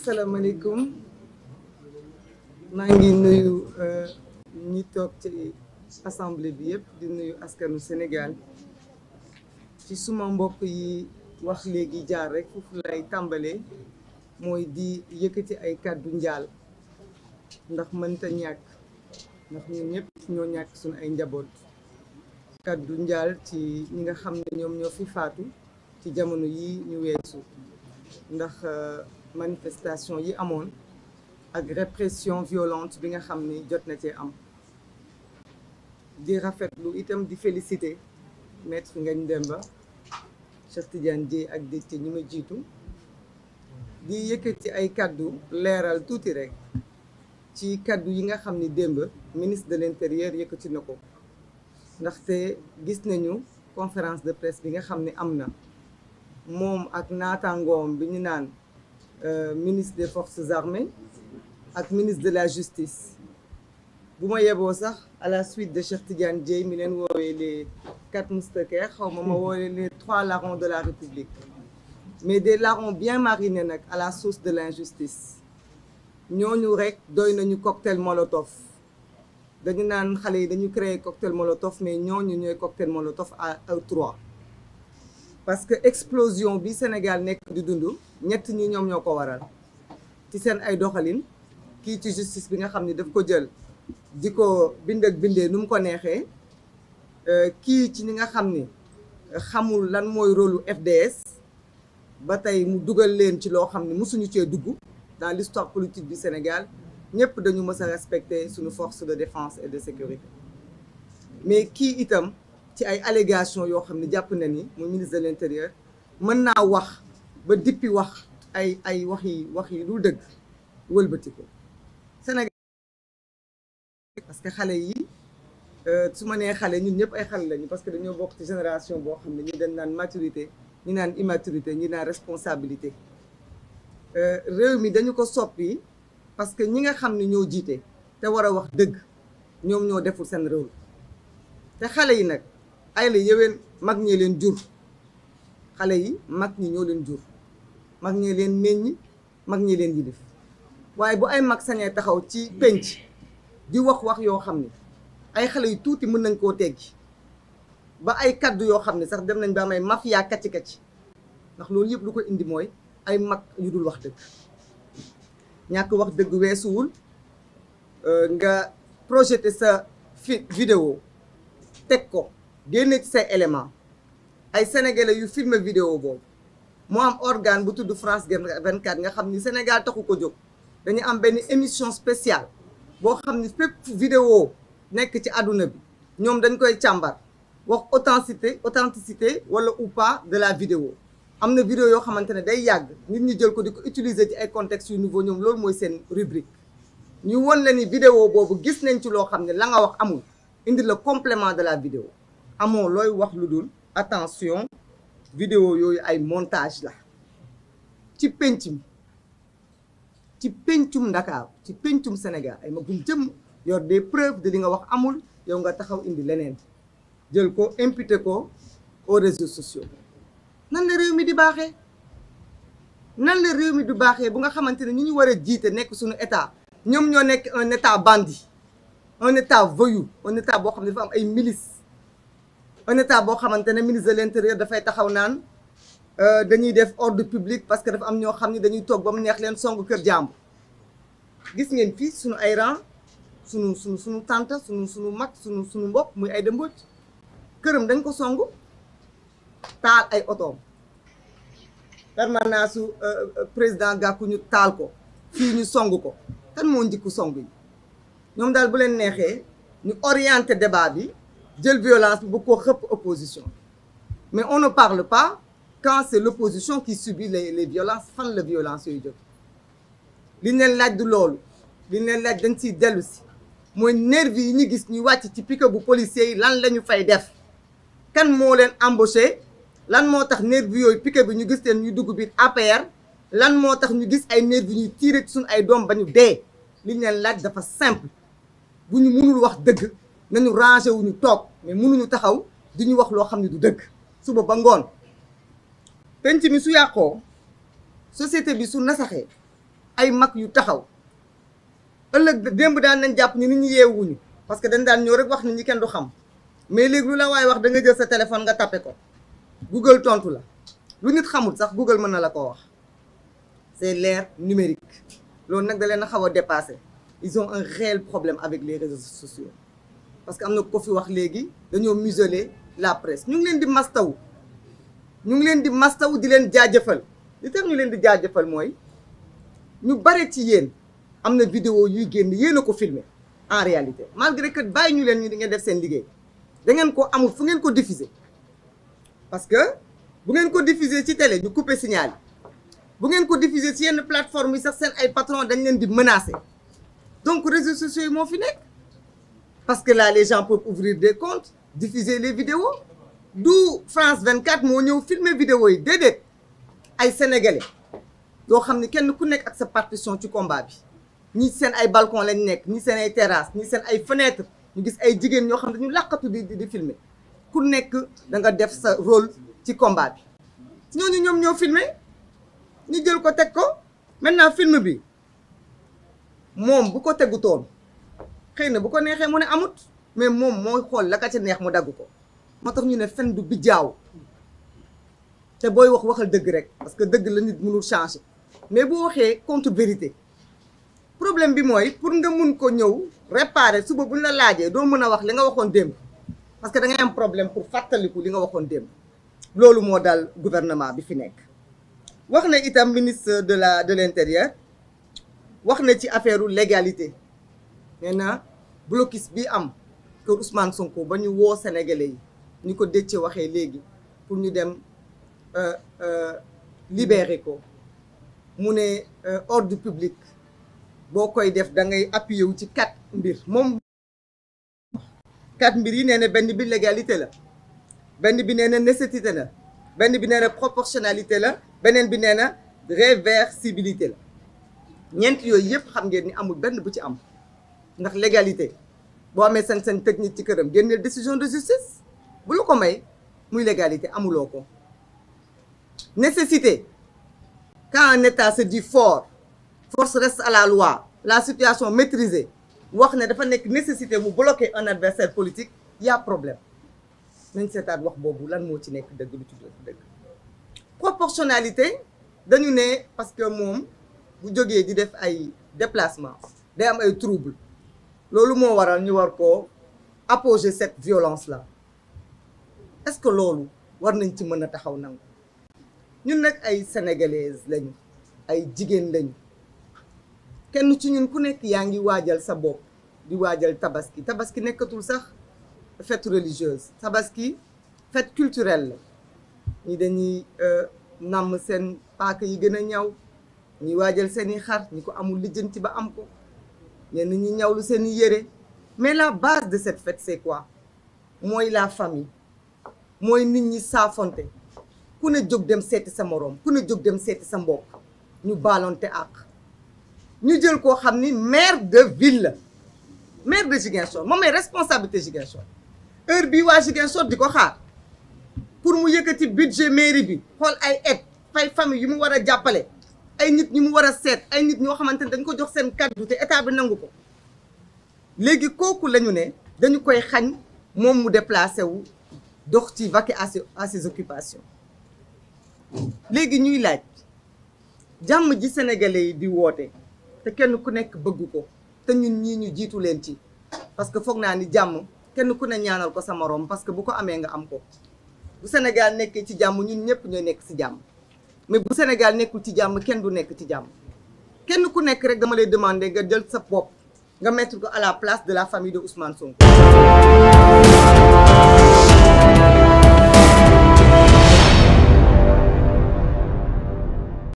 asalaamaaleykum maa ngi nuyu euh, ñi toog ci assemblée bi yëpp di nuyu askanu Sénégal ci suma mbokk yi wax léegi jaar rek foofu lay tàmbalee mooy di yëkkati ay kàddu njaal ndax mënta ñàkk ndax ñun ñëpp ñoo ñàkk suñu ay njaboot kàddu njaal ci ñi nga xam ne ñoom ñoo fi faatu ci jamono yi ñu weesu ndax euh, manifestation yi amoon ak répression violente bi nga xam ni jot na cee am di rafetlu itam di féliciter maître Ngagne Demba Cheikh Tidiane Dièye ak Déthié ñu ma jiitu di yëkkati ay kàddu leeral tuuti rek ci kàddu yi nga xam ni démb ministre de l'intérieur yëkkati na ko ndaxte gis nañu conférence de presse bi nga xam ni am na moom ak naataangoom bi ñu naan Euh, ministre de forces armées ak ministre de la justice bu ma yeboo sax à la suite de Cheikh Tidiane Dieye mi leen woowee les quatre mousquetaires xaw ma ma woowee les trois larrons de la République mais des larrons bien marinés nag à la sauce de l'injustice ñooñu rek doy nañu cocktail molotov dañu naan xale yi dañu créer cocktail molotov mais ñooñu ñooy cocktail molotov à à trois parce que explosion bi Sénégal nekk di dundu ñett ñi ñoom ñoo ko waral ci seen ay doxalin kii ci justice bi nga xam ni daf ko jël di ko bind ak bindee nu mu ko neexee euh, kii ci ñi nga xam ni xamul lan mooy rôle FDS ba tey mu dugal leen ci loo xam ne mësuñu cee dugg dans l'histoire politique du Sénégal ñëpp dañu mës a respecter suñu force de défense et de sécurité mais kii itam ci ay allégations yoo xam ne jàpp na ni muy ministre de l' mën naa wax ba dippi wax ay ay wax yi wax yi dul dëgg wëlbati ko Sénégal parce que xale yi euh, su ma nee xale ñun ñëpp ay xale lañu parce que dañoo bokk ci génération boo xam ne ñu dañ naan maturité ñu naan immaturité ñu naan responsabilité euh, réew mi dañu ko soppi parce que ñi nga xam ne ñoo jiite te war a wax dëgg ñoom ñoo deful seen réew te xale yi nag ay la yeween mag ñee leen jur xale yi mag ñi ñoo leen jur mag ñee leen meññ mag ñee leen yilif waaye bu ay mag sañee taxaw ci penc di wax wax yoo xam ne ay xale yu tuuti mën nañ koo teggi ba ay kàddu yoo xam ne sax dem nañ ba may mafia kacci kacci ndax loolu yëpp lu ko indi mooy ay mag yu dul wax dëgg ñàkk wax dëgg weesuwul euh, nga projeté sa fi vidéo teg ko génne ci say élément ay sénégalais yu filmer vidéo boobu moo am organe bu tudd France 24 nga xam ni Sénégal taxu ko jóg dañu am benn émission spéciale boo xam ni fépp vidéo nekk ci àdduna bi ñoom dañ koy càmbar wax authenticité authenticité wala ou pas de la vidéo am na vidéo yoo xamante ne day yàgg nit ñi jël ko di ko utiliser ci ay contextes yu nouveau ñoom loolu mooy seen rubrique ñu won la ni vidéo boobu gis nañ ci loo xam ne la nga wax amul indi la complément de la vidéo amoo looy wax lu dul attention vidéo yooyu ay montage la ci pénc mi ci péncum Ndakaar ci péncum Sénégal ay magum jëm yor des preuves de li nga wax amul yow nga taxaw indi leneen jël ko imputé ko aux réseaux sociaux nan la réew mi di baaxee nan la réew mi di baaxee bu nga xamante ne ñi ñu war a jiite nekk sunu état ñoom ñoo nekk un état bandit un état voyou un état boo xam ne dafa am ay milices un état boo xamante ne ministre de l'intérieur dafay taxaw naan euh, dañuy def ordre public parce que dafa am ñoo xam ne dañuy toog ba mu neex leen song kër jàmbur gis ngeen fii suñu ay rang suñu suñu suñu tante suñu suñu mag suñu suñu mbokk muy ay dëmbooj këram dañ ko songu taal ay otoom permanence su euh, euh, président Gakou ñu taal ko fii ñu song ko kan moo njëkku song yi ñoom daal bu leen neexee ñu orienté débat bi jël violence bu ko xëpp opposition mais on ne parle pas quand c'est l'opposition qui subit les les violences fan la violence yooyu jóg li neen laaj du loolu li neen laaj dañ si dellu si mooy nervi yi ñu gis ñuy wàcc ci pique bu policiers yi lan la ñu fay def kan moo leen embauché lan moo tax nervi yooyu pique bi ñu gis leen ñuy dugg biir APR lan moo tax ñu gis ay nervi ñuy tiire ci suñu ay doom ba ñu dee li neen laaj dafa simple bu ñu mënul wax dëgg nañu rangé wu toog mais mënuñu taxaw di ñu wax loo xam ne du dëkk suba ba ngoon penc mi su yàqoo société bi su nasaxee ay mag yu taxaw ëllëg démb daan nañ jàpp ni nit ñi yeewuñu parce que dañ daan ñëw rek wax nit ñi kenn du xam mais léegi lu la waaye wax da nga jël sa téléphone nga tapé ko Google tontu la lu nit xamul sax Google mën na la koo wax c'est leer numérique loolu nag da leen a xaw a dépassé ils ont un réel problème avec les réseaux sociaux parce que am na ko fi wax léegi dañoo museler la presse ñu ngi leen di mastaw ñu ngi leen di wu di leen jaajëfal li tax ñu leen di jaajëfal mooy ñu bare ci yéen am na vidéo yuy génn yéen a ko filmer en réalité malgré que bàyyi ñu leen ñu di ngeen def seen liggéey da ngeen ko amul fu ngeen ko diffuser parce que bu ngeen ko diffuser ci télé ñu couper signal bu ngeen ko diffuser si yenn plateforme yi sax seen ay patron dañ leen di menacer donc réseaux sociaux moo fi nekk parce que là les gens peuvent ouvrir des comptes diffuser les vidéos du France quatre moo ñëw filmer vidéo yi déedéet ay sénégalais yoo xam ne kenn ku nekk ak sa partition ci combat bi ñii seen ay balcon lañ nekk ñii seen ay terrasse ñii seen ay fenêtre ñu gis ay jigéen ñoo xam ne dañu làqatu di di filmer ku nekk da nga def sa rôle ci combat bi ñooñu ñoom ñoo filmer ñu jël ko teg ko maintenant film bi moom bu ko tegu toom xëy na bu ko neexee mu ne amut mais moom mooy xool la ka ca neex mu daggu ko moo tax ñu ne fen du bijaaw te booy wax waxal dëgg rek parce que dëgg la nit mënul changer mais boo waxee contre vérité problème bi mooy pour nga mun ko ñëw réparer suba buñ la laajee doo mën a wax li nga waxoon démb parce que da am problème pour fàttaliku li nga waxoon démb loolu moo dal gouvernement bi fi nekk wax na itam ministre de la de l'intérieur wax na ci affaire légalité nee na blocus bi am kër Ousmane Sonko ba ñu woo sénégalais yi ñu ko dëcce waxee léegi pour ñu dem euh, euh, libérer ko mu ne euh, ordre public boo koy def da ngay appuyer wu ci quatre mbir moom quatre mbir yi nee na benn bi légalité la benn bi nee na nécessité la benn bi nee na la beneen bi nee na réversibilité la ñeent yooyu yëpp xam ngeen ni amul benn bu ci am ndax légalité boo amee seen seen technique ci këram génneel décision de justice bu la ko may muy légalité amuloo ko nécessité quand un état di dit fort force reste à la loi la situation maîtrisée wax ne dafa nekk nécessité mu bloquer un adversaire politique y a problème nañ seetaat wax boobu lan moo ci nekk dëgg lu ci dañu ne parce que moom bu jógee di def ay déplacement day am ay trouble loolu moo waral ñu war ko apposer cette violence la est-ce que loolu war nañ ci mën a taxaw nangu ñun nag ay sénégalaises lañu ay jigéen lañu kenn ci ñun ku nekk yaa ngi waajal sa bopp di waajal tabaski tabaski nekkatul sax fête religieuse tabaski fête culturelle la ñi dañuy euh, nàmm seen paaka yi gën a ñaw ñuy waajal seeni xar ñi ko amul lijjanti ba am ko ñenn ñi ñawlu seen yére mais la base de cette fête c'est quoi mooy la famille mooy nit ñi saafonte ku ne jóg dem seeti sa moroom ku ne jóg dem seeti sa mbokk ñu baalonte ak ñu jël koo xam ni maire de ville la maire de Ziguinchor moom ay responsabilité Ziguinchor heure bii waa Ziguinchor di ko xaar pour mu yëkkati budget mairie bi xool ay aide fay famille yu mu war a jàppale ay nit ñi mu war a seet ay nit ñoo xamante ne dañ ko jox seen kàddu te état bi nangu ko léegi kooku lañu ne dañu koy xañ moom mu déplacé wu dox ci vaquer à ses léegi ñuy laaj jàmm ji sénégalais yi di woote te kenn ku nekk bëgg ko te ñun ñii ñu jiitu leen ci parce que foog naa ni jàmm kenn ku ne ñaanal ko sa moroom parce que bu ko amee nga am ko bu Sénégal nekkee ci jàmm ñun ñëpp ñooy nekk ci jàmm mais bu Sénégal nekkul ci jàmm kenn du nekk ci jàmm kenn ku nekk rek dama lay demander nga jël sa bopp nga mettre ko à la place de la famille de Ousmane Sonko.